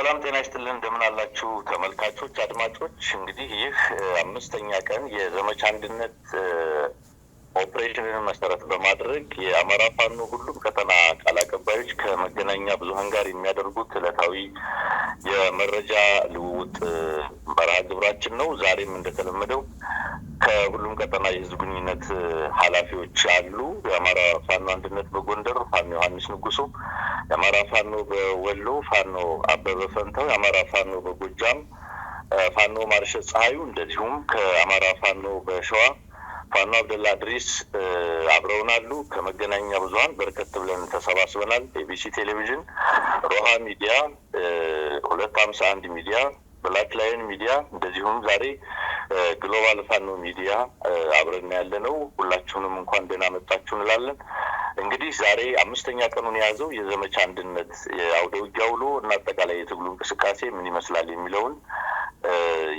ሰላም ጤና ይስጥልን። እንደምን አላችሁ ተመልካቾች፣ አድማጮች። እንግዲህ ይህ አምስተኛ ቀን የዘመቻ አንድነት ኦፕሬሽንን መሰረት በማድረግ የአማራ ፋኖ ሁሉም ቀጠና ቃል አቀባዮች ከመገናኛ ብዙኃን ጋር የሚያደርጉት ዕለታዊ የመረጃ ልውውጥ መርሃ ግብራችን ነው። ዛሬም እንደተለመደው ከሁሉም ቀጠና የህዝብ ግንኙነት ኃላፊዎች አሉ። የአማራ ፋኖ አንድነት በጎንደር ፋኖ ዮሐንስ ንጉሱ፣ የአማራ ፋኖ በወሎ ፋኖ አበበ ፈንተው፣ የአማራ ፋኖ በጎጃም ፋኖ ማርሸ ፀሐዩ፣ እንደዚሁም ከአማራ ፋኖ በሸዋ ፋኖ አብደላ ድሪስ አብረውን አሉ። ከመገናኛ ብዙሀን በርከት ብለን ተሰባስበናል። ኤቢሲ ቴሌቪዥን፣ ሮሃ ሚዲያ፣ ሁለት ሀምሳ አንድ ሚዲያ፣ ብላክ ላይን ሚዲያ እንደዚሁም ዛሬ ግሎባል ፋኖ ሚዲያ አብረን ያለ ነው። ሁላችሁንም እንኳን ደህና መጣችሁ እንላለን። እንግዲህ ዛሬ አምስተኛ ቀኑን የያዘው የዘመቻ አንድነት የአውደ ውጊያ ውሎ እና አጠቃላይ የትግሉ እንቅስቃሴ ምን ይመስላል የሚለውን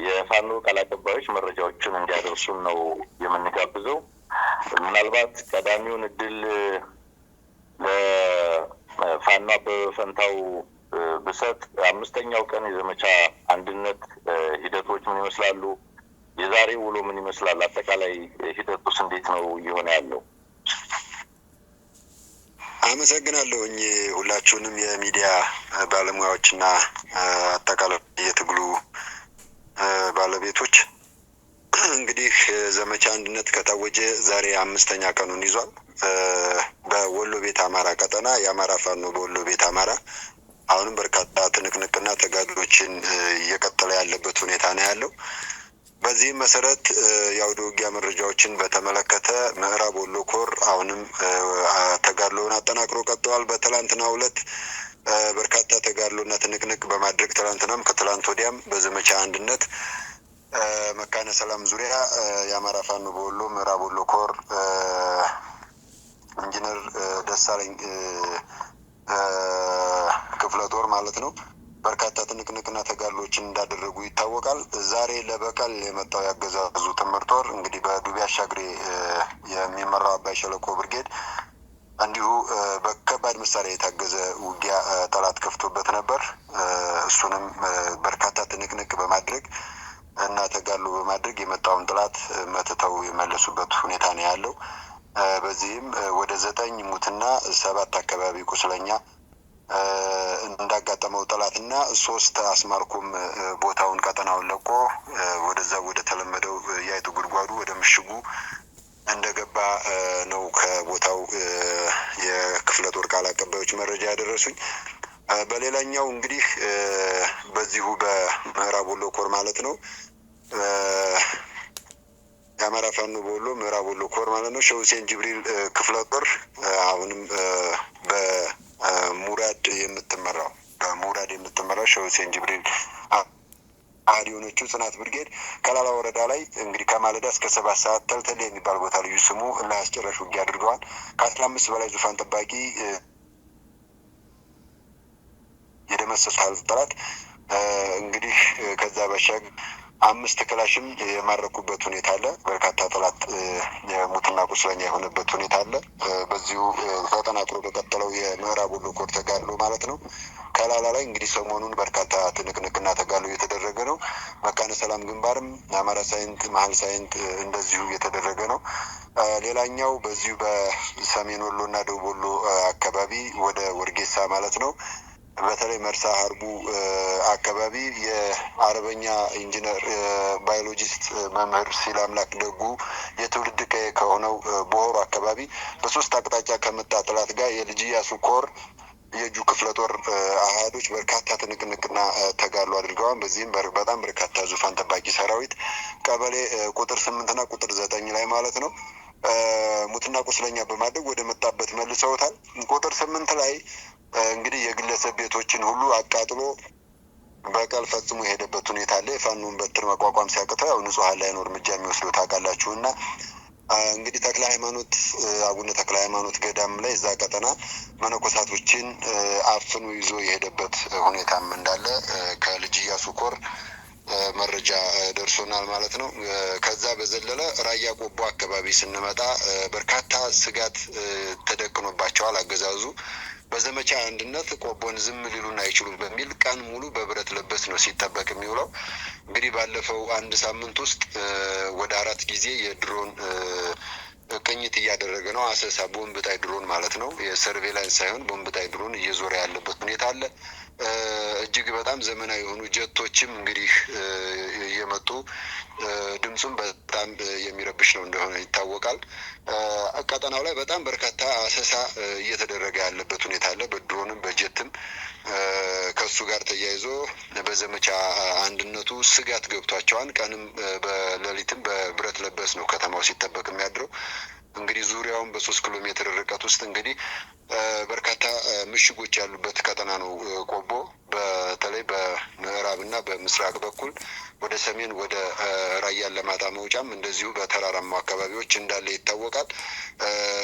የፋኖ ቃል አቀባዮች መረጃዎችን እንዲያደርሱን ነው የምንጋብዘው። ምናልባት ቀዳሚውን እድል ለፋኖ በፈንታው ብሰጥ፣ አምስተኛው ቀን የዘመቻ አንድነት ሂደቶች ምን ይመስላሉ የዛሬ ውሎ ምን ይመስላል? አጠቃላይ ሂደቱስ እንዴት ነው እየሆነ ያለው? አመሰግናለሁ ሁላችሁንም የሚዲያ ባለሙያዎችና አጠቃላይ የትግሉ ባለቤቶች። እንግዲህ ዘመቻ አንድነት ከታወጀ ዛሬ አምስተኛ ቀኑን ይዟል። በወሎ ቤት አማራ ቀጠና የአማራ ፋኖ በወሎ ቤት አማራ አሁንም በርካታ ትንቅንቅና ተጋድሎችን እየቀጠለ ያለበት ሁኔታ ነው ያለው። በዚህም መሰረት የአውደ ውጊያ መረጃዎችን በተመለከተ ምዕራብ ወሎ ኮር አሁንም ተጋድሎውን አጠናክሮ ቀጥተዋል። በትላንትናው ዕለት በርካታ ተጋድሎና ትንቅንቅ በማድረግ ትላንትናም ከትላንት ወዲያም በዘመቻ አንድነት መካነ ሰላም ዙሪያ የአማራ ፋኖ በወሎ ምዕራብ ወሎ ኮር ኢንጂነር ደሳለኝ ክፍለ ጦር ማለት ነው በርካታ ትንቅንቅና ተጋድሎችን እንዳደረጉ ይታወቃል። ዛሬ ለበቀል የመጣው ያገዛዙ ትምህርት ወር እንግዲህ በዱቤ አሻግሬ የሚመራው አባይ ሸለቆ ብርጌድ እንዲሁ በከባድ መሳሪያ የታገዘ ውጊያ ጠላት ከፍቶበት ነበር። እሱንም በርካታ ትንቅንቅ በማድረግ እና ተጋድሎ በማድረግ የመጣውን ጠላት መትተው የመለሱበት ሁኔታ ነው ያለው። በዚህም ወደ ዘጠኝ ሙትና ሰባት አካባቢ ቁስለኛ እንዳጋጠመው ጠላትና ሶስት አስማርኩም ቦታውን ቀጠናውን ለቆ ወደዛ ወደ ተለመደው የአይጡ ጉድጓዱ ወደ ምሽጉ እንደገባ ነው ከቦታው የክፍለ ጦር ቃል አቀባዮች መረጃ ያደረሱኝ። በሌላኛው እንግዲህ በዚሁ በምዕራብ ወሎ ኮር ማለት ነው የአማራ ፋኖ በወሎ ምዕራብ ወሎ ኮር ማለት ነው ሸውሴን ጅብሪል ክፍለ ጦር አሁንም ሸው ሁሴን ጅብሪል አህድ የሆነችው ጽናት ብርጌድ ከላላ ወረዳ ላይ እንግዲህ ከማለዳ እስከ ሰባት ሰዓት ተልተል የሚባል ቦታ ልዩ ስሙ እና አስጨራሽ ውጊያ አድርገዋል። ከአስራ አምስት በላይ ዙፋን ጠባቂ የደመሰሱ ጠላት እንግዲህ ከዛ ባሻገር አምስት ክላሽም የማረኩበት ሁኔታ አለ። በርካታ ጠላት የሙትና ቁስለኛ የሆነበት ሁኔታ አለ። በዚሁ ተጠናክሮ በቀጠለው የምዕራብ ወሎ ኮር ተጋድሎ ማለት ነው። ከላላ ላይ እንግዲህ ሰሞኑን በርካታ ትንቅንቅና ተጋድሎ እየተደረገ ነው። መካነ ሰላም ግንባርም አማራ ሳይንት፣ መሀል ሳይንት እንደዚሁ እየተደረገ ነው። ሌላኛው በዚሁ በሰሜን ወሎ እና ደቡብ ወሎ አካባቢ ወደ ወርጌሳ ማለት ነው በተለይ መርሳ ሀርቡ አካባቢ የአረበኛ ኢንጂነር ባዮሎጂስት መምህር አምላክ ደጉ የትውልድ ቀዬ ከሆነው ቦሆሩ አካባቢ በሶስት አቅጣጫ ከመጣ ጥላት ጋር የልጅ ያሱ ኮር የእጁ ክፍለ ጦር አህዶች በርካታ ትንቅንቅና ተጋሉ አድርገዋል። በዚህም በጣም በርካታ ዙፋን ጠባቂ ሰራዊት ቀበሌ ቁጥር ስምንትና ቁጥር ዘጠኝ ላይ ማለት ነው ሙትና ቁስለኛ በማድረግ ወደ መጣበት መልሰውታል። ቁጥር ስምንት ላይ እንግዲህ የግለሰብ ቤቶችን ሁሉ አቃጥሎ በቀል ፈጽሞ የሄደበት ሁኔታ አለ። የፋኑን በትር መቋቋም ሲያቅተው ያው ንጹሐን ላይ ነው እርምጃ የሚወስዱ ታውቃላችሁ። እና እንግዲህ ተክለ ሃይማኖት አቡነ ተክለ ሃይማኖት ገዳም ላይ እዛ ቀጠና መነኮሳቶችን አፍኑ ይዞ የሄደበት ሁኔታም እንዳለ ከልጅ እያሱ ኮር መረጃ ደርሶናል ማለት ነው። ከዛ በዘለለ ራያ ቆቦ አካባቢ ስንመጣ በርካታ ስጋት ተደቅኖባቸዋል አገዛዙ በዘመቻ አንድነት ቆቦን ዝም ሊሉን አይችሉ በሚል ቀን ሙሉ በብረት ለበስ ነው ሲጠበቅ የሚውለው። እንግዲህ ባለፈው አንድ ሳምንት ውስጥ ወደ አራት ጊዜ የድሮን ቅኝት እያደረገ ነው። አሰሳ ቦምብ ጣይ ድሮን ማለት ነው። የሰርቬላንስ ሳይሆን ቦምብ ጣይ ድሮን እየዞረ ያለበት ሁኔታ አለ። እጅግ በጣም ዘመናዊ የሆኑ ጀቶችም እንግዲህ እየመጡ ድምፁም በጣም የሚረብሽ ነው እንደሆነ ይታወቃል። ቀጠናው ላይ በጣም በርካታ አሰሳ እየተደረገ ያለበት ሁኔታ አለ። በድሮንም በጀትም ከሱ ጋር ተያይዞ በዘመቻ አንድነቱ ስጋት ገብቷቸዋል። ቀንም በሌሊትም በብረት ለበስ ነው ከተማው ሲጠበቅ የሚያድረው። እንግዲህ ዙሪያውን በሶስት ኪሎ ሜትር ርቀት ውስጥ እንግዲህ በርካታ ምሽጎች ያሉበት ቀጠና ነው ቆቦ። በተለይ በምዕራብ እና በምስራቅ በኩል ወደ ሰሜን ወደ ራያን ለማጣ መውጫም እንደዚሁ በተራራማ አካባቢዎች እንዳለ ይታወቃል።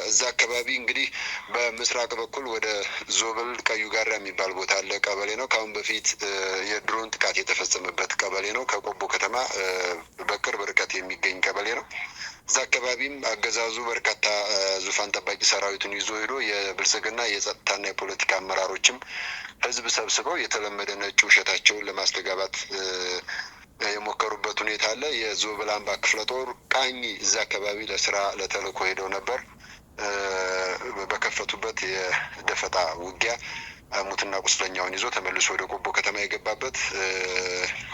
እዛ አካባቢ እንግዲህ በምስራቅ በኩል ወደ ዞብል ቀዩ ጋራ የሚባል ቦታ አለ። ቀበሌ ነው። ከአሁን በፊት የድሮን ጥቃት የተፈጸመበት ቀበሌ ነው። ከቆቦ ከተማ በቅርብ ርቀት የሚገኝ ቀበሌ ነው። እዛ አካባቢም አገዛዙ በርካታ ዙፋን ጠባቂ ሰራዊቱን ይዞ ሄዶ የብልጽግና የጸጥታና የፖለቲካ አመራሮችም ህዝብ ሰብስበው የተለመደ ነጭ ውሸታቸውን ለማስተጋባት የሞከሩበት ሁኔታ አለ። የዞብል አምባ ክፍለ ጦር ቃኝ እዛ አካባቢ ለስራ ለተልእኮ ሄደው ነበር። በከፈቱበት የደፈጣ ውጊያ ሙትና ቁስለኛውን ይዞ ተመልሶ ወደ ቆቦ ከተማ የገባበት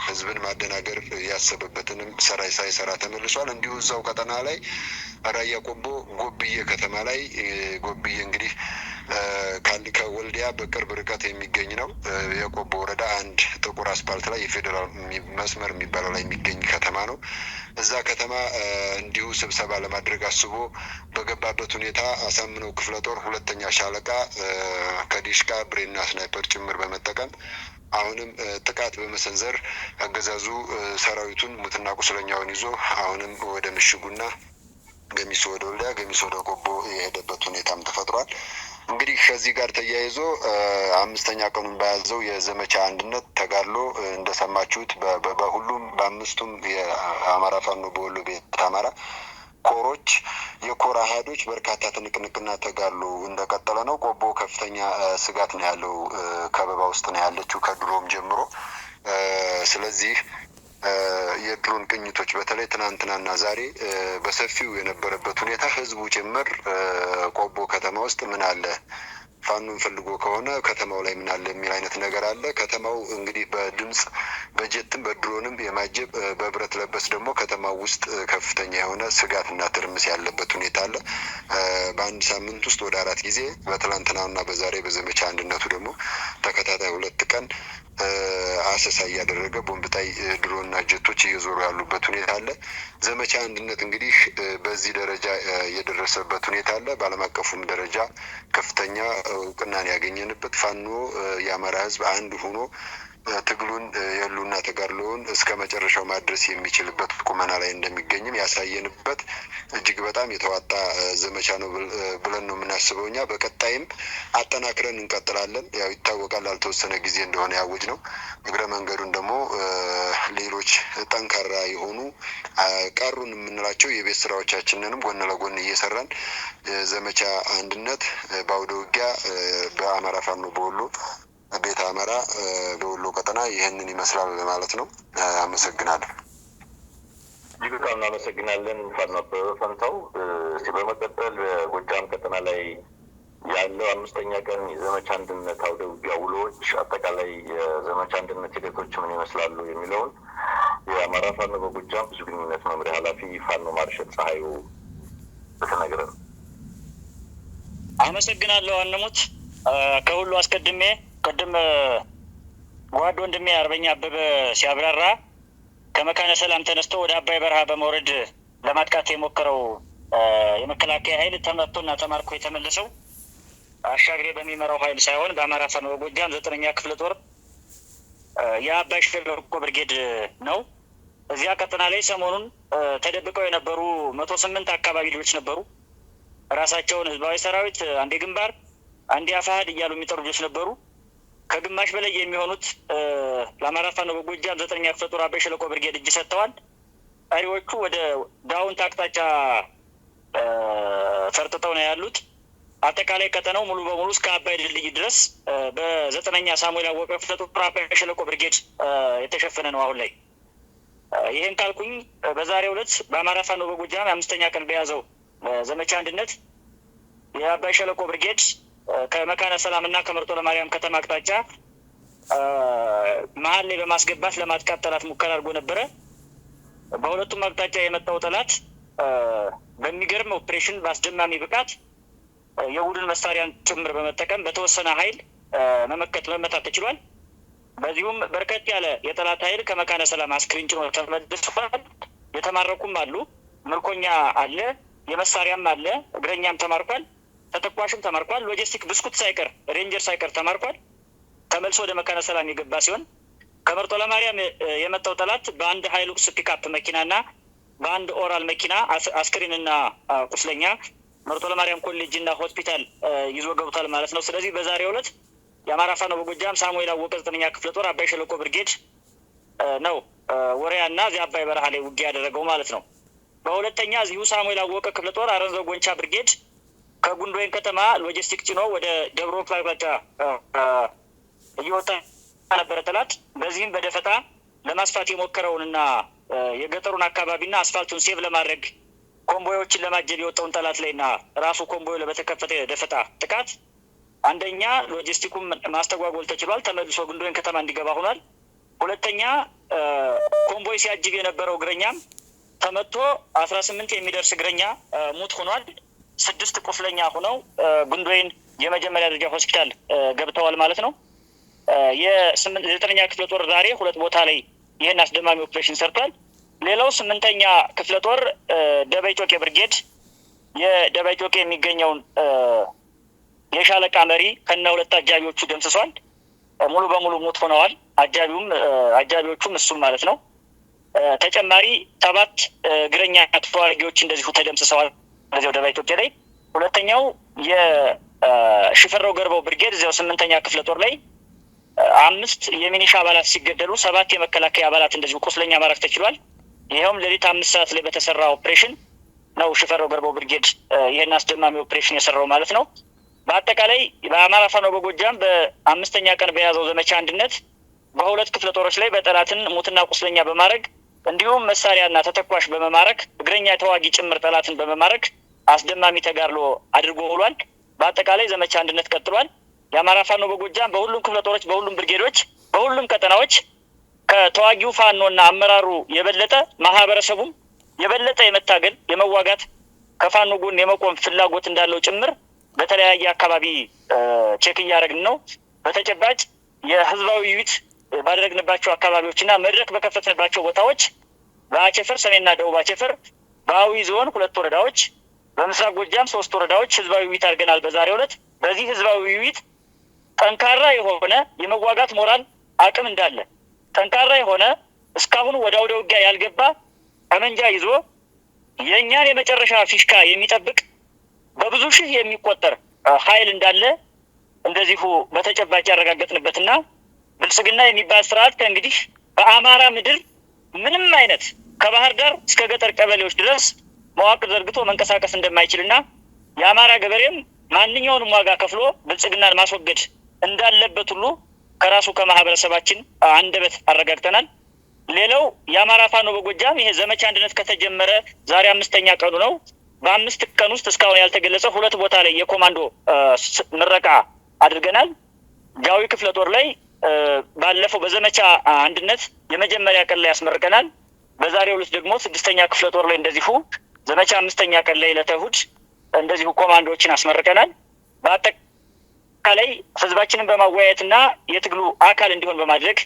ህዝብን ማደናገር ያሰበበትንም ሰራይ ሳይሰራ ተመልሷል። እንዲሁ እዛው ቀጠና ላይ ራያ ቆቦ ጎብዬ ከተማ ላይ ጎብዬ እንግዲህ ከአንድ ከወልዲያ በቅርብ ርቀት የሚገኝ ነው። የቆቦ ወረዳ አንድ ጥቁር አስፓልት ላይ የፌዴራል መስመር የሚባለው ላይ የሚገኝ ከተማ ነው። እዛ ከተማ እንዲሁ ስብሰባ ለማድረግ አስቦ በገባበት ሁኔታ አሳምነው ክፍለ ጦር ሁለተኛ ሻለቃ ከዲሽቃ ብሬና ስናይፐር ጭምር በመጠቀም አሁንም ጥቃት በመሰንዘር አገዛዙ ሰራዊቱን ሙትና ቁስለኛውን ይዞ አሁንም ወደ ምሽጉና ገሚሶ ወደ ወልዲያ ገሚሶ ወደ ቆቦ የሄደበት ሁኔታም ተፈጥሯል። እንግዲህ ከዚህ ጋር ተያይዞ አምስተኛ ቀኑን በያዘው የዘመቻ አንድነት ተጋድሎ እንደሰማችሁት በሁሉም በአምስቱም የአማራ ፋኖ በወሎ ቤት አማራ ኮሮች የኮር አህዶች በርካታ ትንቅንቅና ተጋድሎ እንደቀጠለ ነው። ቆቦ ከፍተኛ ስጋት ነው ያለው፣ ከበባ ውስጥ ነው ያለችው ከድሮም ጀምሮ ስለዚህ የድሮን ቅኝቶች በተለይ ትናንትናና ዛሬ በሰፊው የነበረበት ሁኔታ ህዝቡ ጭምር ቆቦ ከተማ ውስጥ ምን አለ ፋኑን ፈልጎ ከሆነ ከተማው ላይ ምን አለ የሚል አይነት ነገር አለ። ከተማው እንግዲህ በድምፅ በጀትም በድሮንም የማጀብ በብረት ለበስ ደግሞ ከተማው ውስጥ ከፍተኛ የሆነ ስጋትና ትርምስ ያለበት ሁኔታ አለ። በአንድ ሳምንት ውስጥ ወደ አራት ጊዜ በትላንትናና በዛሬ በዘመቻ አንድነቱ ደግሞ ተከታታይ ሁለት ቀን አሰሳ እያደረገ ቦምብታይ ድሮና ጀቶች እየዞሩ ያሉበት ሁኔታ አለ። ዘመቻ አንድነት እንግዲህ በዚህ ደረጃ የደረሰበት ሁኔታ አለ። በዓለም አቀፉም ደረጃ ከፍተኛ እውቅናን ያገኘንበት ፋኖ የአማራ ሕዝብ አንድ ሆኖ ትግሉን የሉና ተጋድሎውን እስከ መጨረሻው ማድረስ የሚችልበት ቁመና ላይ እንደሚገኝም ያሳየንበት እጅግ በጣም የተዋጣ ዘመቻ ነው ብለን ነው የምናስበው። እኛ በቀጣይም አጠናክረን እንቀጥላለን። ያው ይታወቃል ላልተወሰነ ጊዜ እንደሆነ ያውጅ ነው። እግረ መንገዱን ደግሞ ሌሎች ጠንካራ የሆኑ ቀሩን የምንላቸው የቤት ስራዎቻችንንም ጎን ለጎን እየሰራን ዘመቻ አንድነት በአውደ ውጊያ በአማራ ፋኖ በወሎ ቤት አመራ በወሎ ቀጠና ይህንን ይመስላል ማለት ነው። አመሰግናለሁ። እጅግ በጣም እናመሰግናለን። ፋኖ አበበ ፈንታው። በመቀጠል በጎጃም ቀጠና ላይ ያለው አምስተኛ ቀን የዘመቻ አንድነት አውደ ውጊያ ውሎዎች፣ አጠቃላይ የዘመቻ አንድነት ሂደቶች ምን ይመስላሉ የሚለውን የአማራ ፋኖ በጎጃም ብዙ ግንኙነት መምሪያ ኃላፊ ፋኖ ማርሸት ፀሐዩ ብትነግረን። አመሰግናለሁ አንሙት። ከሁሉ አስቀድሜ ቅድም ጓድ ወንድሜ አርበኛ አበበ ሲያብራራ ከመካነ ሰላም ተነስቶ ወደ አባይ በረሃ በመውረድ ለማጥቃት የሞከረው የመከላከያ ኃይል እና ተማርኮ የተመለሰው አሻግሬ በሚመራው ኃይል ሳይሆን በአማራ ፋኖ በጎጃም ዘጠነኛ ክፍለ ጦር የአባይ ሸለቆ ብርጌድ ነው። እዚያ ቀጠና ላይ ሰሞኑን ተደብቀው የነበሩ መቶ ስምንት አካባቢ ልጆች ነበሩ። ራሳቸውን ህዝባዊ ሰራዊት አንዴ ግንባር አንዴ አፋህድ እያሉ የሚጠሩ ልጆች ነበሩ። ከግማሽ በላይ የሚሆኑት ለአማራ ፋኖ በጎጃም ዘጠነኛ ክፍለ ጦር አባይ ሸለቆ ብርጌድ እጅ ሰጥተዋል። ቀሪዎቹ ወደ ዳውንት አቅጣጫ ፈርጥጠው ነው ያሉት። አጠቃላይ ቀጠናው ሙሉ በሙሉ እስከ አባይ ድልድይ ድረስ በዘጠነኛ ሳሙኤል አወቀ ክፍለ ጦር አባይ ሸለቆ ብርጌድ የተሸፈነ ነው አሁን ላይ። ይህን ካልኩኝ በዛሬው ዕለት በአማራ ፋኖ በጎጃም አምስተኛ ቀን በያዘው ዘመቻ አንድነት የአባይ ሸለቆ ብርጌድ ከመካነ ሰላም እና ከመርጦ ለማርያም ከተማ አቅጣጫ መሀል ላይ በማስገባት ለማጥቃት ጠላት ሙከራ አድርጎ ነበረ። በሁለቱም አቅጣጫ የመጣው ጠላት በሚገርም ኦፕሬሽን በአስደማሚ ብቃት የቡድን መሳሪያን ጭምር በመጠቀም በተወሰነ ኃይል መመከት መመታት ተችሏል። በዚሁም በርከት ያለ የጠላት ኃይል ከመካነ ሰላም አስክሬን ጭኖ ተመልሷል። የተማረኩም አሉ፣ ምርኮኛ አለ፣ የመሳሪያም አለ፣ እግረኛም ተማርኳል። ተተኳሹም ተማርኳል። ሎጂስቲክ ብስኩት ሳይቀር ሬንጀር ሳይቀር ተማርኳል። ተመልሶ ወደ መካነ ሰላም የገባ ሲሆን ከመርጦ ለማርያም የመጣው ጠላት በአንድ ሀይሉክስ ፒካፕ መኪናና በአንድ ኦራል መኪና አስክሬንና ቁስለኛ መርጦ ለማርያም ኮሌጅና ሆስፒታል ይዞ ገብቷል ማለት ነው። ስለዚህ በዛሬው ዕለት የአማራ ፋኖ በጎጃም ሳሙኤል አወቀ ዘጠነኛ ክፍለ ጦር አባይ ሸለቆ ብርጌድ ነው ወሪያ እና እዚያ አባይ በረሃ ላይ ውጊያ ያደረገው ማለት ነው። በሁለተኛ እዚሁ ሳሙኤል አወቀ ክፍለ ጦር አረንዘው ጎንቻ ብርጌድ ከጉንዶይን ከተማ ሎጂስቲክ ጭኖ ወደ ደብሮ ብርሃን እየወጣ ነበረ ጠላት። በዚህም በደፈጣ ለማስፋት የሞከረውንና የገጠሩን አካባቢና አስፋልቱን ሴቭ ለማድረግ ኮምቦዮችን ለማጀብ የወጣውን ጠላት ላይና ራሱ ኮምቦዮ ለበተከፈተ ደፈጣ ጥቃት አንደኛ ሎጂስቲኩም ማስተጓጎል ተችሏል። ተመልሶ ጉንዶይን ከተማ እንዲገባ ሆኗል። ሁለተኛ ኮምቦይ ሲያጅብ የነበረው እግረኛም ተመቶ አስራ ስምንት የሚደርስ እግረኛ ሙት ሆኗል። ስድስት ቁስለኛ ሆነው ጉንዶይን የመጀመሪያ ደረጃ ሆስፒታል ገብተዋል ማለት ነው። የዘጠነኛ ክፍለ ጦር ዛሬ ሁለት ቦታ ላይ ይህን አስደማሚ ኦፕሬሽን ሰርቷል። ሌላው ስምንተኛ ክፍለ ጦር ደበይ ጮቄ ብርጌድ የደበይ ጮቄ የሚገኘውን የሻለቃ መሪ ከነ ሁለት አጃቢዎቹ ደምስሷል። ሙሉ በሙሉ ሞት ሆነዋል። አጃቢውም አጃቢዎቹም እሱም ማለት ነው። ተጨማሪ ሰባት እግረኛ ተዋጊዎች እንደዚሁ ተደምስሰዋል በዚያው ደቡብ ኢትዮጵያ ላይ፣ ሁለተኛው የሽፈራው ገርበው ብርጌድ እዚያው ስምንተኛ ክፍለ ጦር ላይ አምስት የሚኒሻ አባላት ሲገደሉ ሰባት የመከላከያ አባላት እንደዚሁ ቁስለኛ ማድረግ ተችሏል። ይኸውም ሌሊት አምስት ሰዓት ላይ በተሰራ ኦፕሬሽን ነው ሽፈራው ገርበው ብርጌድ ይህን አስደማሚ ኦፕሬሽን የሰራው ማለት ነው። በአጠቃላይ በአማራ ፋኖ በጎጃም በአምስተኛ ቀን በያዘው ዘመቻ አንድነት በሁለት ክፍለ ጦሮች ላይ በጠላትን ሙትና ቁስለኛ በማድረግ እንዲሁም መሳሪያና ተተኳሽ በመማረክ እግረኛ ተዋጊ ጭምር ጠላትን በመማረክ አስደማሚ ተጋድሎ አድርጎ ውሏል። በአጠቃላይ ዘመቻ አንድነት ቀጥሏል። የአማራ ፋኖ በጎጃም በሁሉም ክፍለ ጦሮች፣ በሁሉም ብርጌዶች፣ በሁሉም ቀጠናዎች ከተዋጊው ፋኖና አመራሩ የበለጠ ማህበረሰቡም የበለጠ የመታገል የመዋጋት ከፋኖ ጎን የመቆም ፍላጎት እንዳለው ጭምር በተለያየ አካባቢ ቼክ እያደረግን ነው። በተጨባጭ የህዝባዊ ውይይት ባደረግንባቸው አካባቢዎች እና መድረክ በከፈትንባቸው ቦታዎች በአቸፈር ሰሜንና ደቡብ አቸፈር በአዊ ዞን ሁለት ወረዳዎች በምስራቅ ጎጃም ሶስት ወረዳዎች ህዝባዊ ውይይት አድርገናል በዛሬው ዕለት። በዚህ ህዝባዊ ውይይት ጠንካራ የሆነ የመዋጋት ሞራል አቅም እንዳለ ጠንካራ የሆነ እስካሁን ወደ አውደ ውጊያ ያልገባ ጠመንጃ ይዞ የእኛን የመጨረሻ ፊሽካ የሚጠብቅ በብዙ ሺህ የሚቆጠር ኃይል እንዳለ እንደዚሁ በተጨባጭ ያረጋገጥንበትና ብልጽግና የሚባል ስርዓት ከእንግዲህ በአማራ ምድር ምንም አይነት ከባህር ዳር እስከ ገጠር ቀበሌዎች ድረስ መዋቅር ዘርግቶ መንቀሳቀስ እንደማይችልና የአማራ ገበሬም ማንኛውንም ዋጋ ከፍሎ ብልጽግናን ማስወገድ እንዳለበት ሁሉ ከራሱ ከማህበረሰባችን አንደበት አረጋግጠናል። ሌላው የአማራ ፋኖ በጎጃም ይሄ ዘመቻ አንድነት ከተጀመረ ዛሬ አምስተኛ ቀኑ ነው። በአምስት ቀን ውስጥ እስካሁን ያልተገለጸ ሁለት ቦታ ላይ የኮማንዶ ምረቃ አድርገናል። ጃዊ ክፍለ ጦር ላይ ባለፈው በዘመቻ አንድነት የመጀመሪያ ቀን ላይ ያስመርቀናል። በዛሬው ዕለት ደግሞ ስድስተኛ ክፍለ ጦር ላይ እንደዚሁ ዘመቻ አምስተኛ ቀን ላይ ለተሁድ እንደዚሁ ኮማንዶዎችን አስመርቀናል። በአጠቃላይ ህዝባችንን በማወያየትና የትግሉ አካል እንዲሆን በማድረግ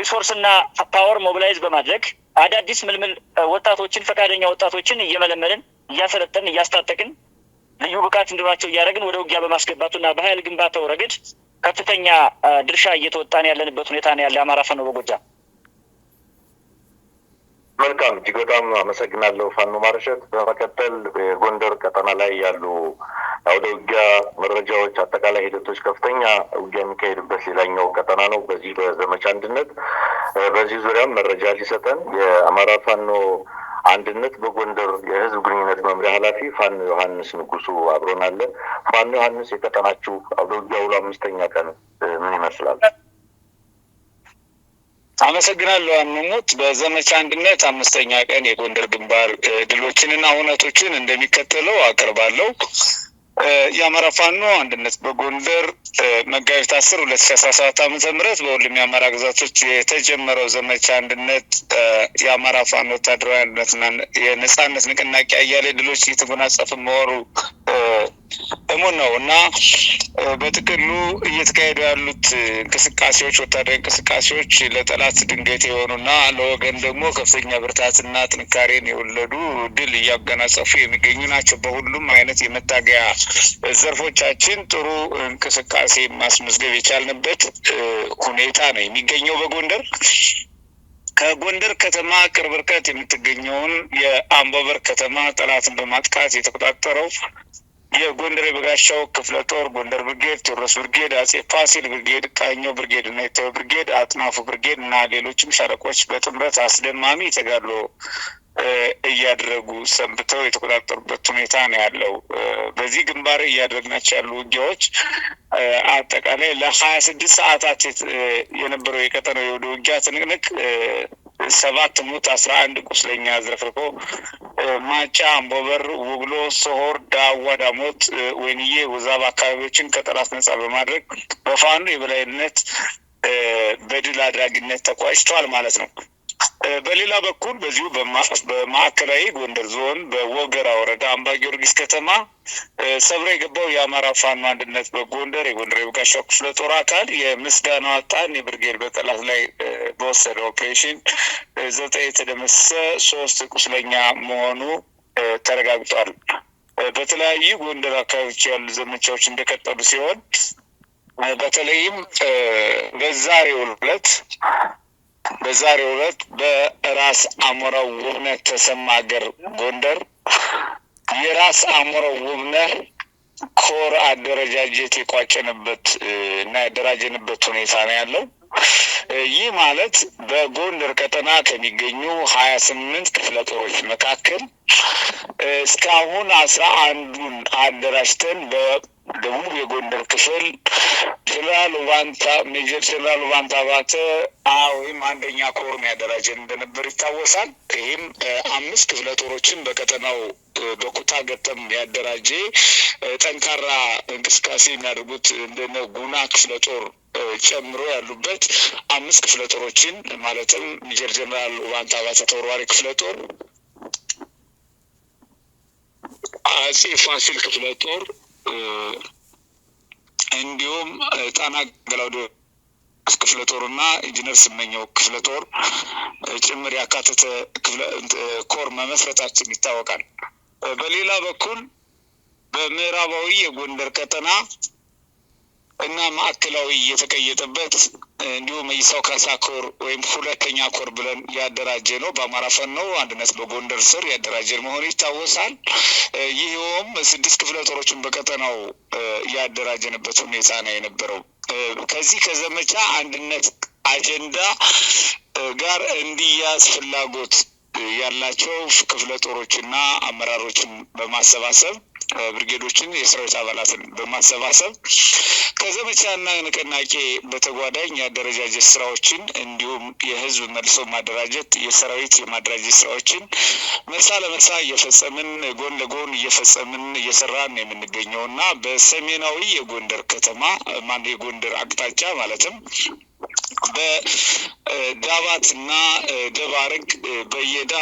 ሪሶርስና ፓወር ሞቢላይዝ በማድረግ አዳዲስ ምልምል ወጣቶችን ፈቃደኛ ወጣቶችን እየመለመልን እያሰለጠን እያስታጠቅን ልዩ ብቃት እንዲሆናቸው እያደረግን ወደ ውጊያ በማስገባቱና በሀይል ግንባታው ረገድ ከፍተኛ ድርሻ እየተወጣን ያለንበት ሁኔታ ነው ያለ አማራ ፋኖ በጎጃም። መልካም እጅግ በጣም አመሰግናለሁ ፋኖ ማረሸት። በመቀጠል በጎንደር ቀጠና ላይ ያሉ አውደ ውጊያ መረጃዎች፣ አጠቃላይ ሂደቶች ከፍተኛ ውጊያ የሚካሄድበት ሌላኛው ቀጠና ነው። በዚህ በዘመቻ አንድነት በዚህ ዙሪያም መረጃ ሊሰጠን የአማራ ፋኖ አንድነት በጎንደር የህዝብ ግንኙነት መምሪያ ኃላፊ ፋኖ ዮሐንስ ንጉሱ አብሮናለ። ፋኖ ዮሐንስ የቀጠናችሁ አውደ ውጊያ ውሎ አምስተኛ ቀን ምን ይመስላል? አመሰግናለሁ። አንሙት። በዘመቻ አንድነት አምስተኛ ቀን የጎንደር ግንባር ድሎችንና እውነቶችን እንደሚከተለው አቀርባለሁ። የአማራ ፋኖ አንድነት በጎንደር መጋቢት አስር ሁለት ሺ አስራ ሰባት አመተ ምህረት በሁሉም የአማራ ግዛቶች የተጀመረው ዘመቻ አንድነት የአማራ ፋኖ ወታደራዊ አንድነትና የነጻነት ንቅናቄ አያሌ ድሎች እየተጎናጸፈ መሆኑ እሙን ነው እና በጥቅሉ እየተካሄዱ ያሉት እንቅስቃሴዎች ወታደራዊ እንቅስቃሴዎች ለጠላት ድንገት የሆኑና ለወገን ደግሞ ከፍተኛ ብርታትና ጥንካሬን የወለዱ ድል እያጎናጸፉ የሚገኙ ናቸው። በሁሉም አይነት የመታገያ ዘርፎቻችን ጥሩ እንቅስቃሴ ማስመዝገብ የቻልንበት ሁኔታ ነው የሚገኘው በጎንደር ከጎንደር ከተማ ቅርብ ርቀት የምትገኘውን የአምባበር ከተማ ጠላትን በማጥቃት የተቆጣጠረው የጎንደር የበጋሻው ክፍለ ጦር ጎንደር ብርጌድ፣ ቴዎድሮስ ብርጌድ፣ አጼ ፋሲል ብርጌድ፣ ቃኘው ብርጌድ እና የተወ ብርጌድ፣ አጥናፉ ብርጌድ እና ሌሎችም ሻለቆች በጥምረት አስደማሚ ተጋድሎ እያደረጉ ሰንብተው የተቆጣጠሩበት ሁኔታ ነው ያለው። በዚህ ግንባር እያደረግናቸው ያሉ ውጊያዎች አጠቃላይ ለሀያ ስድስት ሰዓታት የነበረው የቀጠነው የወደ ውጊያ ትንቅንቅ ሰባት ሙት አስራ አንድ ቁስለኛ አዝረክርኮ ማጫ፣ አምቦበር፣ ውግሎ፣ ሶሆር፣ ዳዋ፣ ዳሞት፣ ወይንዬ፣ ወዛብ አካባቢዎችን ከጠላት ነጻ በማድረግ በፋኑ የበላይነት በድል አድራጊነት ተቋጭቷል ማለት ነው። በሌላ በኩል በዚሁ በማዕከላዊ ጎንደር ዞን በወገራ ወረዳ አምባ ጊዮርጊስ ከተማ ሰብረ የገባው የአማራ ፋኖ አንድነት በጎንደር የጎንደር የቦጋሻው ክፍለ ጦር አካል የምስጋና ዋጣን የብርጌድ በጠላት ላይ በወሰደ ኦፕሬሽን ዘጠኝ የተደመሰ ሶስት ቁስለኛ መሆኑ ተረጋግጧል። በተለያዩ ጎንደር አካባቢዎች ያሉ ዘመቻዎች እንደቀጠሉ ሲሆን በተለይም በዛሬው ዕለት በዛሬው ዕለት በራስ አሞራው ውብነህ ተሰማ ሀገር ጎንደር የራስ አሞራው ውብነህ ኮር አደረጃጀት የቋጨንበት እና ያደራጀንበት ሁኔታ ነው ያለው። ይህ ማለት በጎንደር ቀጠና ከሚገኙ ሀያ ስምንት ክፍለ ጦሮች መካከል እስካሁን አስራ አንዱን አደራጅተን ደቡብ የጎንደር ክፍል ጀነራል ዋንታ ሜጀር ጀነራል ባንታ ባተ ወይም አንደኛ ኮርን ያደራጀን እንደነበር ይታወሳል። ይህም አምስት ክፍለ ጦሮችን በቀጠናው በኩታ ገጠም ያደራጀ ጠንካራ እንቅስቃሴ የሚያደርጉት እንደነ ጉና ክፍለ ጦር ጨምሮ ያሉበት አምስት ክፍለ ጦሮችን ማለትም ሜጀር ጀነራል ዋንታ ባተ ተወርዋሪ ክፍለ ጦር አጼ ፋሲል ክፍለ ጦር እንዲሁም ጣና ገላውዴዎስ ክፍለ ጦር እና ኢንጂነር ስመኘው ክፍለ ጦር ጭምር ያካተተ ኮር መመስረታችን ይታወቃል። በሌላ በኩል በምዕራባዊ የጎንደር ቀጠና እና ማዕከላዊ እየተቀየጠበት እንዲሁም ኢሳው ካሳ ኮር ወይም ሁለተኛ ኮር ብለን ያደራጀ ነው። በአማራ ፋኖ አንድነት በጎንደር ስር ያደራጀን መሆኑ ይታወሳል። ይህውም ስድስት ክፍለ ጦሮችን በቀጠናው ያደራጀንበት ሁኔታ ነው የነበረው። ከዚህ ከዘመቻ አንድነት አጀንዳ ጋር እንዲያዝ ፍላጎት ያላቸው ክፍለ ጦሮችና አመራሮችን በማሰባሰብ ብርጌዶችን የሰራዊት አባላትን በማሰባሰብ ከዘመቻና ንቅናቄ በተጓዳኝ የአደረጃጀት ስራዎችን እንዲሁም የህዝብ መልሶ ማደራጀት የሰራዊት የማደራጀት ስራዎችን መርሳ ለመርሳ እየፈጸምን ጎን ለጎን እየፈጸምን እየሰራን የምንገኘው እና በሰሜናዊ የጎንደር ከተማ ማን የጎንደር አቅጣጫ ማለትም በዳባት እና ደባርቅ በየዳ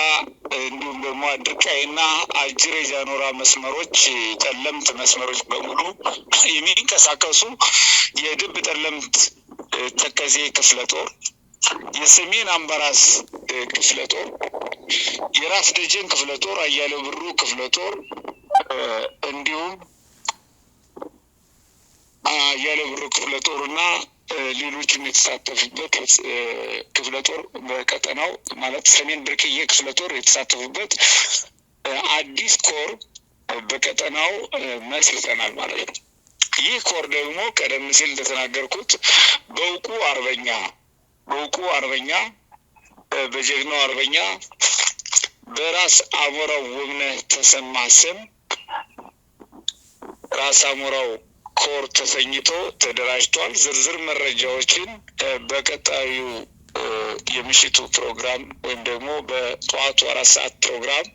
እንዲሁም ደግሞ አድርቃይና አጅሬ ጃኖራ መስመሮች ጠለምት መስመሮች በሙሉ የሚንቀሳቀሱ የድብ ጠለምት ተከዜ ክፍለ ጦር፣ የሰሜን አምባራስ ክፍለ ጦር፣ የራስ ደጀን ክፍለ ጦር፣ አያሌው ብሩ ክፍለ ጦር እንዲሁም አያሌው ብሩ ክፍለ እና ሌሎችም የተሳተፉበት ክፍለ ጦር በቀጠናው ማለት ሰሜን ብርቅዬ ክፍለ ጦር የተሳተፉበት አዲስ ኮር በቀጠናው መስርተናል ማለት ነው። ይህ ኮር ደግሞ ቀደም ሲል እንደተናገርኩት በእውቁ አርበኛ በእውቁ አርበኛ በጀግናው አርበኛ በራስ አሞራው ወምነህ ተሰማ ስም ራስ አሞራው ኮር ተሰኝቶ ተደራጅቷል። ዝርዝር መረጃዎችን በቀጣዩ የምሽቱ ፕሮግራም ወይም ደግሞ በጠዋቱ አራት ሰዓት ፕሮግራም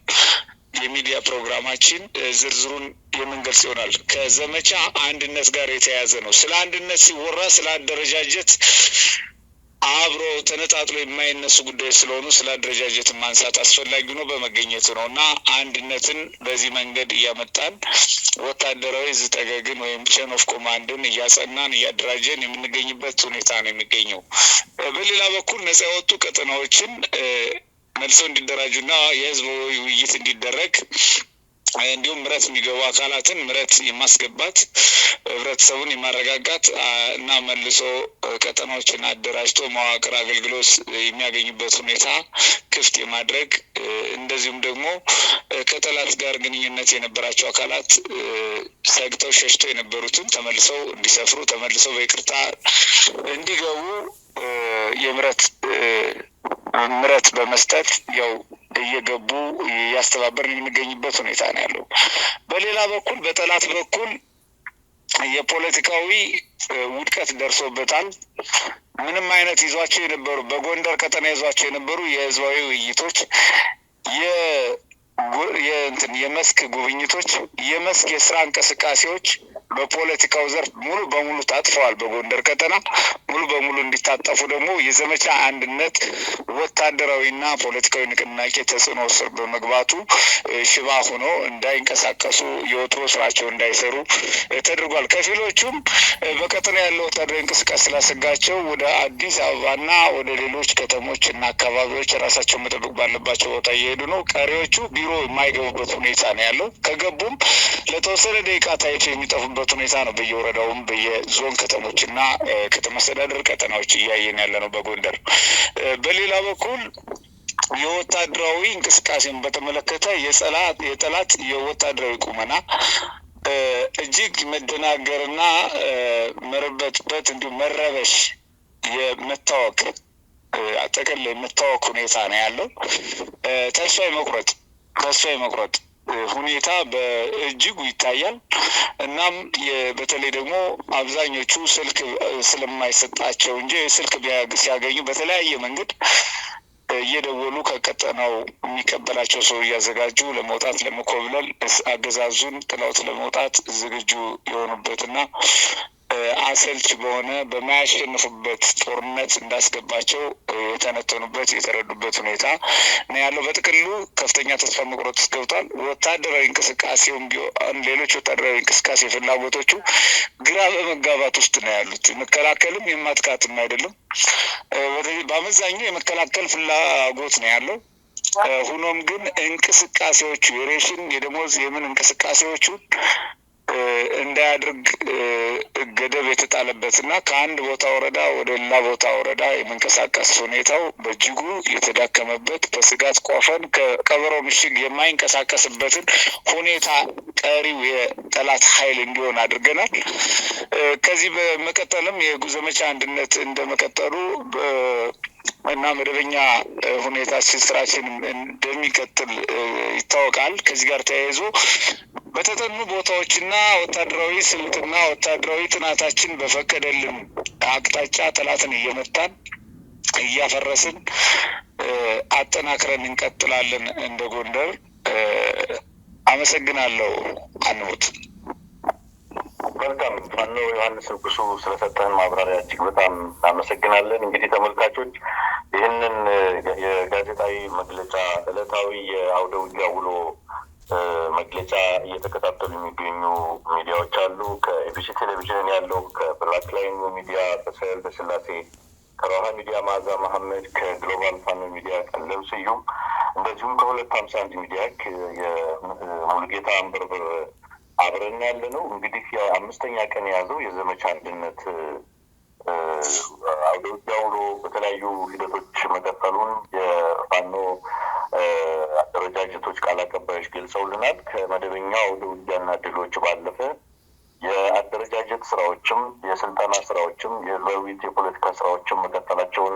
የሚዲያ ፕሮግራማችን ዝርዝሩን የምንገልጽ ይሆናል። ከዘመቻ አንድነት ጋር የተያያዘ ነው። ስለ አንድነት ሲወራ ስለ አደረጃጀት አብሮ ተነጣጥሎ የማይነሱ ጉዳዮች ስለሆኑ ስለ አደረጃጀትን ማንሳት አስፈላጊ ነው በመገኘት ነው እና አንድነትን በዚህ መንገድ እያመጣን ወታደራዊ ዝጠገግን ወይም ቼን ኦፍ ኮማንድን እያጸናን እያደራጀን የምንገኝበት ሁኔታ ነው የሚገኘው። በሌላ በኩል ነጻ የወጡ ቀጠናዎችን መልሰው እንዲደራጁና የህዝብ ውይይት እንዲደረግ እንዲሁም ምረት የሚገቡ አካላትን ምረት የማስገባት ህብረተሰቡን የማረጋጋት እና መልሶ ቀጠናዎችን አደራጅቶ መዋቅር አገልግሎት የሚያገኙበት ሁኔታ ክፍት የማድረግ እንደዚሁም ደግሞ ከጠላት ጋር ግንኙነት የነበራቸው አካላት ሰግተው ሸሽተው የነበሩትን ተመልሰው እንዲሰፍሩ ተመልሰው በይቅርታ እንዲገቡ የምረት ምረት በመስጠት ያው እየገቡ እያስተባበርን የምንገኝበት ሁኔታ ነው ያለው። በሌላ በኩል በጠላት በኩል የፖለቲካዊ ውድቀት ደርሶበታል። ምንም አይነት ይዟቸው የነበሩ በጎንደር ቀጠና ይዟቸው የነበሩ የህዝባዊ ውይይቶች የመስክ ጉብኝቶች፣ የመስክ የስራ እንቅስቃሴዎች በፖለቲካው ዘርፍ ሙሉ በሙሉ ታጥፈዋል። በጎንደር ቀጠና ሙሉ በሙሉ እንዲታጠፉ ደግሞ የዘመቻ አንድነት ወታደራዊና ፖለቲካዊ ንቅናቄ ተጽዕኖ ስር በመግባቱ ሽባ ሆኖ እንዳይንቀሳቀሱ የወትሮ ስራቸው እንዳይሰሩ ተደርጓል። ከፊሎቹም በቀጠና ያለው ወታደራዊ እንቅስቃሴ ስላሰጋቸው ወደ አዲስ አበባና ወደ ሌሎች ከተሞች እና አካባቢዎች ራሳቸው መጠበቅ ባለባቸው ቦታ እየሄዱ ነው። ቀሪዎቹ ቢሮ የማይገቡበት ሁኔታ ነው ያለው። ከገቡም ለተወሰነ ደቂቃ ታይቶ የሚጠፉበት ሁኔታ ነው። በየወረዳውም በየዞን ከተሞች እና ከተማ አስተዳደር ቀጠናዎች እያየን ያለ ነው በጎንደር በሌላ በኩል የወታደራዊ እንቅስቃሴን በተመለከተ የጠላት የወታደራዊ ቁመና እጅግ መደናገርና መረበጥበት እንዲሁም መረበሽ የመታወቅ አጠቀላይ የመታወቅ ሁኔታ ነው ያለው። ተስፋ መቁረጥ ተስፋ የመቁረጥ ሁኔታ በእጅጉ ይታያል። እናም በተለይ ደግሞ አብዛኞቹ ስልክ ስለማይሰጣቸው እንጂ ስልክ ሲያገኙ በተለያየ መንገድ እየደወሉ ከቀጠናው የሚቀበላቸው ሰው እያዘጋጁ ለመውጣት ለመኮብለል አገዛዙን ጥለውት ለመውጣት ዝግጁ የሆኑበትና አሰልች በሆነ በማያሸንፉበት ጦርነት እንዳስገባቸው የተነተኑበት የተረዱበት ሁኔታ ነው ያለው። በጥቅሉ ከፍተኛ ተስፋ መቁረጥ ውስጥ ገብቷል። ወታደራዊ እንቅስቃሴውም ቢሆን ሌሎች ወታደራዊ እንቅስቃሴ ፍላጎቶቹ ግራ በመጋባት ውስጥ ነው ያሉት። የመከላከልም የማጥቃትም አይደለም። በአመዛኙ የመከላከል ፍላጎት ነው ያለው። ሆኖም ግን እንቅስቃሴዎቹ የሬሽን የደሞዝ የምን እንቅስቃሴዎቹን እንዳያድርግ ገደብ የተጣለበትና ከአንድ ቦታ ወረዳ ወደ ሌላ ቦታ ወረዳ የመንቀሳቀስ ሁኔታው በእጅጉ የተዳከመበት በስጋት ቆፈን ከቀበሮ ምሽግ የማይንቀሳቀስበትን ሁኔታ ቀሪው የጠላት ኃይል እንዲሆን አድርገናል። ከዚህ በመቀጠልም የዘመቻ አንድነት እንደመቀጠሉ እና መደበኛ ሁኔታ ስራችን እንደሚቀጥል ይታወቃል። ከዚህ ጋር ተያይዞ በተጠኑ ቦታዎችና ወታደራዊ ስልትና ወታደራዊ ጥናታችን በፈቀደልን አቅጣጫ ጠላትን እየመታን እያፈረስን አጠናክረን እንቀጥላለን። እንደ ጎንደር አመሰግናለሁ። አንሙት መልካም ፋኖ ዮሐንስ ንጉሱ ስለሰጠህን ማብራሪያ እጅግ በጣም እናመሰግናለን። እንግዲህ ተመልካቾች ይህንን የጋዜጣዊ መግለጫ ዕለታዊ የአውደ ውጊያ ውሎ መግለጫ እየተከታተሉ የሚገኙ ሚዲያዎች አሉ። ከኤቢሲ ቴሌቪዥን ያለው ከብላክ ላይን ሚዲያ፣ በሰል በስላሴ ከሮሃ ሚዲያ፣ ማዛ መሐመድ ከግሎባል ፋኖ ሚዲያ ቀለም ስዩም እንደዚሁም ከሁለት ሀምሳ አንድ ሚዲያ የሙሉጌታ አንበርበር አብረን ያለ ነው። እንግዲህ አምስተኛ ቀን የያዘው የዘመቻ አንድነት አውደ ውሎ በተለያዩ ሂደቶች መቀጠሉን የፋኖ አደረጃጀቶች ቃል አቀባዮች ገልጸውልናል። ከመደበኛ አውደ ድሎች ባለፈ የአደረጃጀት ስራዎችም የስልጠና ስራዎችም የህዝባዊት የፖለቲካ ስራዎችም መቀጠላቸውን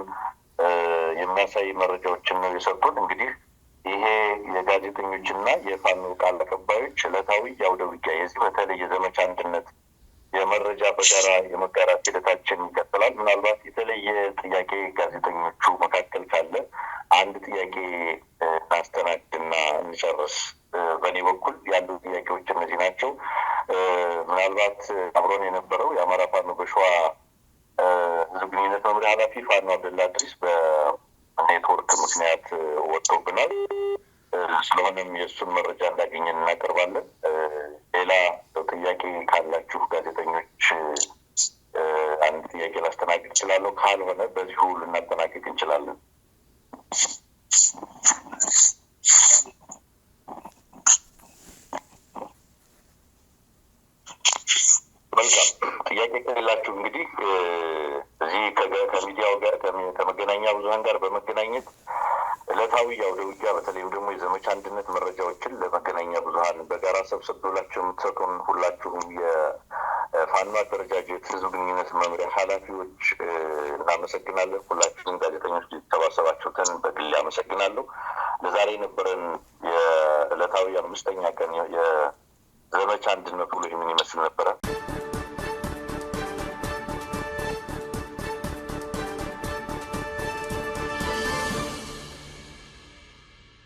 የሚያሳይ መረጃዎችን ነው የሰጡን እንግዲህ ይሄ የጋዜጠኞችና የፋኖ ቃል አቀባዮች ዕለታዊ የአውደ ውጊያ የዚህ በተለይ የዘመቻ አንድነት የመረጃ በጋራ የመጋራት ሂደታችን ይቀጥላል። ምናልባት የተለየ ጥያቄ ጋዜጠኞቹ መካከል ካለ አንድ ጥያቄ እናስተናግድና እንጨርስ። በእኔ በኩል ያሉ ጥያቄዎች እነዚህ ናቸው። ምናልባት አብሮን የነበረው የአማራ ፋኖ በሸዋ ህዝብ ግንኙነት መምሪያ ኃላፊ ፋኖ አብደላ አድሪስ በኔትወርክ ምክንያት ወጥተውብናል። ስለሆነም የእሱን መረጃ እንዳገኘን እናቀርባለን። ሌላ ጥያቄ ካላችሁ ጋዜጠኞች አንድ ጥያቄ ላስተናግድ እችላለሁ። ካልሆነ በዚሁ ልናጠናቀቅ እንችላለን። ጥያቄ ከሌላችሁ እንግዲህ እዚህ ከሚዲያው ጋር ከመገናኛ ብዙሃን ጋር በመገናኘት እለታዊ የአውደ ውጊያ በተለይም ደግሞ የዘመቻ አንድነት መረጃዎችን ለመገናኛ ብዙሀን በጋራ ሰብሰብ ብላቸው የምትሰጡን ሁላችሁም የፋኖ አደረጃጀት ህዝብ ግንኙነት መምሪያ ኃላፊዎች እናመሰግናለን። ሁላችሁም ጋዜጠኞች የተሰባሰባችሁትን በግሌ አመሰግናለሁ። ለዛሬ የነበረን የእለታዊ አምስተኛ ቀን የዘመቻ አንድነት ውሎ ምን ይመስል ነበረ?